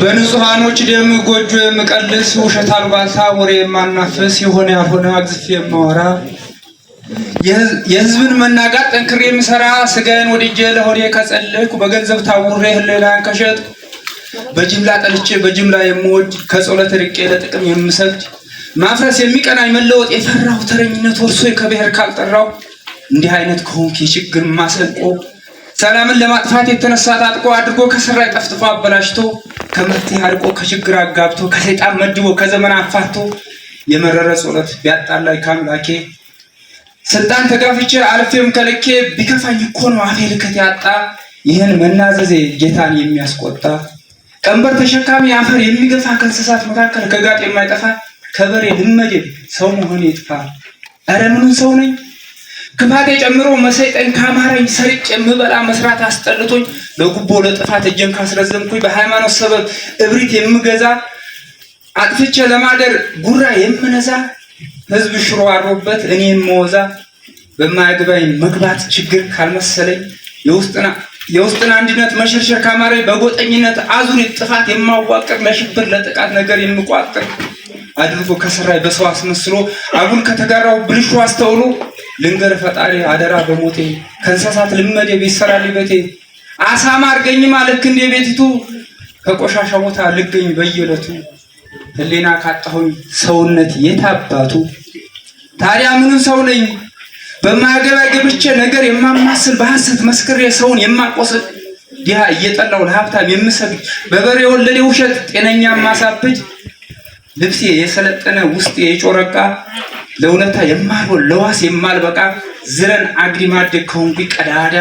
በንጹሐኖች ደም ጎጆ የምቀልስ ውሸት አልባሳ ወሬ የማናፈስ የሆነ ያልሆነ አግዝፍ የማወራ የህዝብን መናጋት ጠንክሬ የምሰራ ስጋዬን ወድጄ ለሆዴ ከጸለይኩ በገንዘብ ታውሬ ህሌላን ከሸጥኩ በጅምላ ጠልቼ በጅምላ የምወድ ከጸሎት ርቄ ለጥቅም የምሰግድ ማፍረስ የሚቀናኝ መለወጥ የፈራው ተረኝነት ወርሶ ከብሔር ካልጠራው እንዲህ አይነት ከሆንክ የችግር ማሰልቆ ሰላምን ለማጥፋት የተነሳ ታጥቆ አድርጎ ከስራይ ጠፍጥፎ አበላሽቶ ከመፍትሄ አርቆ ከችግር አጋብቶ ከሰይጣን መድቦ ከዘመን አፋቶ የመረረ ጸሎት ቢያጣላይ ከአምላኬ ስልጣን ተጋፍቼ አልፌም ከልኬ ቢከፋኝ እኮ ነው አፌ ልከት ያጣ ይህን መናዘዜ ጌታን የሚያስቆጣ ቀንበር ተሸካሚ አፈር የሚገፋ ከእንስሳት መካከል ከጋጥ የማይጠፋ ከበሬ ልመዴ ሰው መሆን ይጥፋ። እረ ምኑን ሰው ነኝ ክፋቴ ጨምሮ መሰይጠኝ ከአማረኝ ሰርጭ የምበላ መስራት አስጠልቶኝ ለጉቦ ለጥፋት እጄን ካስረዘምኩኝ በሃይማኖት ሰበብ እብሪት የምገዛ አጥፍቼ ለማደር ጉራ የምነዛ ህዝብ ሽሮ አድሮበት እኔ የምወዛ በማያገባኝ መግባት ችግር ካልመሰለኝ የውስጥን አንድነት መሸርሸር ካማረኝ በጎጠኝነት አዙሪት ጥፋት የማዋቅር ለሽብር ለጥቃት ነገር የምቋጥር አድርጎ ከሰራይ በሰው አስመስሎ አጉል ከተጋራው ብልሹ አስተውሎ ልንገር ፈጣሪ አደራ በሞቴ ከእንስሳት ልመድ የቤት ሰራ ሊበቴ አሳማ አርገኝ ልክ እንደ ቤቲቱ ከቆሻሻ ቦታ ልገኝ በየዕለቱ ህሌና ካጣሁኝ ሰውነት የታባቱ ታዲያ ምንም ሰው ነኝ በማያገባ ነገር የማማስል በሐሰት መስክሬ ሰውን የማቆስል ዲሃ እየጠላው ለሀብታም የምሰግድ በበሬ ወለዴ ውሸት ጤነኛ ማሳብጅ ልብስ የሰለጠነ ውስጤ የጮረቃ ለእውነታ የማልሆን ለዋስ የማልበቃ ዝረን አግሪ ማደግ ከሆንኩ ቀዳዳ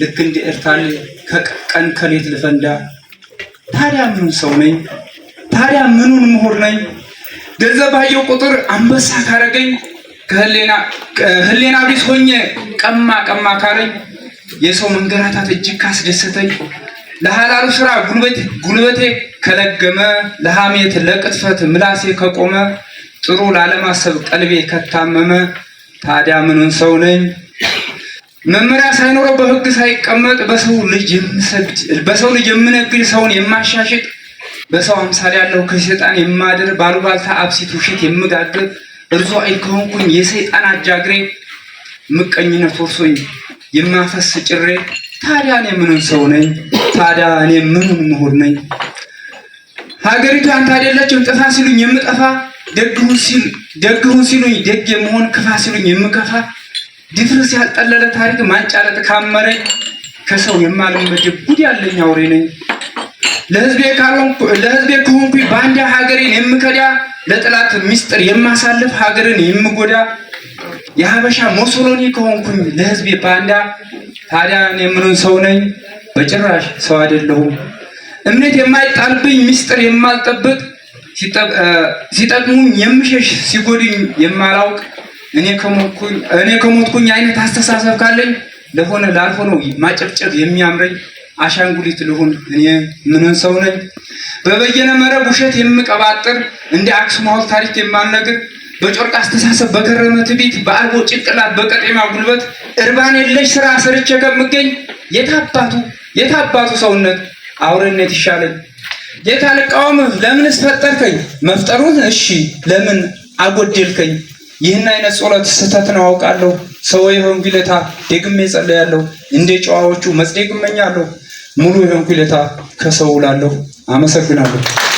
ልክ እንደ ኤርታሌ ከቀን ከሌት ልፈንዳ። ታዲያ ምኑን ሰው ነኝ? ታዲያ ምኑን ምሁር ነኝ? ገንዘብ ባየው ቁጥር አንበሳ ካረገኝ ህሌና ቢስ ሆኜ ቀማ ቀማ ካረኝ የሰው መንገራታት እጅግ ካስደሰተኝ ለሐላሉ ስራ ጉልበቴ ከለገመ፣ ለሐሜት ለቅጥፈት ምላሴ ከቆመ፣ ጥሩ ላለማሰብ ቀልቤ ከታመመ፣ ታዲያ ምኑን ሰው ነኝ? መመሪያ ሳይኖረው በሕግ ሳይቀመጥ በሰው ልጅ የምሰግድ በሰው ልጅ የምነግድ ሰውን የማሻሽጥ በሰው አምሳል ያለው ከሰይጣን የማድር ባሉባልታ አብሲት ውሸት የምጋግር እርሶ አይከሆንኩኝ የሰይጣን አጃግሬ ምቀኝነት ወርሶኝ የማፈስ ጭሬ ታዲያ እኔ ምንም ሰው ነኝ? ታዲያ እኔ ምንም ምሁር ነኝ? ሀገሪቱ አንተ አይደለችም ጥፋ ሲሉኝ የምጠፋ ደግሁን ሲሉ ደግሁን ሲሉኝ ደግ የመሆን ክፋ ሲሉኝ የምከፋ ድፍርስ ያልጠለለ ታሪክ ማንጫለጥ ካመረ ከሰው የማልመድብ ጉድ ያለኝ አውሬ ነኝ። ለህዝቤ ካልሆንኩ ለህዝቤ ክሁንኩ ባንዳ ሀገሬን የምከዳ ለጥላት ሚስጥር የማሳልፍ ሀገርን የምጎዳ የሀበሻ ሞሶሎኒ ከሆንኩኝ ለህዝቤ ባንዳ ታዲያ እኔ ምኑን ሰው ነኝ? በጭራሽ ሰው አይደለሁም። እምነት የማይጣልብኝ ምስጢር የማልጠብቅ ሲጠቅሙኝ የምሸሽ ሲጎድኝ የማላውቅ እኔ ከሞትኩኝ አይነት አስተሳሰብ ካለኝ ለሆነ ላልሆነው ማጨብጨብ የሚያምረኝ አሻንጉሊት ልሁን እኔ ምንን ሰው ነኝ? በበየነ መረብ ውሸት የምቀባጥር እንደ አክሱም ሐውልት ታሪክ የማልነግር በጨርቅ አስተሳሰብ በከረመ ትቢት በአልቦ ጭንቅላት በቀጤማ ጉልበት እርባን የለሽ ስራ ሰርቼ ከምገኝ የታባቱ የታባቱ ሰውነት አውሬነት ይሻለኝ። ጌታ ልቃወምህ፣ ለምንስ ፈጠርከኝ? መፍጠሩን እሺ ለምን አጎደልከኝ? ይህን አይነት ጸሎት ስህተት ነው አውቃለሁ። ሰው የሆንኩ ይለታ ደግሜ ጸለያለሁ። እንደ ጨዋዎቹ መጽደቅ እመኛለሁ። ሙሉ የሆንኩ ከሰው ላለሁ። አመሰግናለሁ።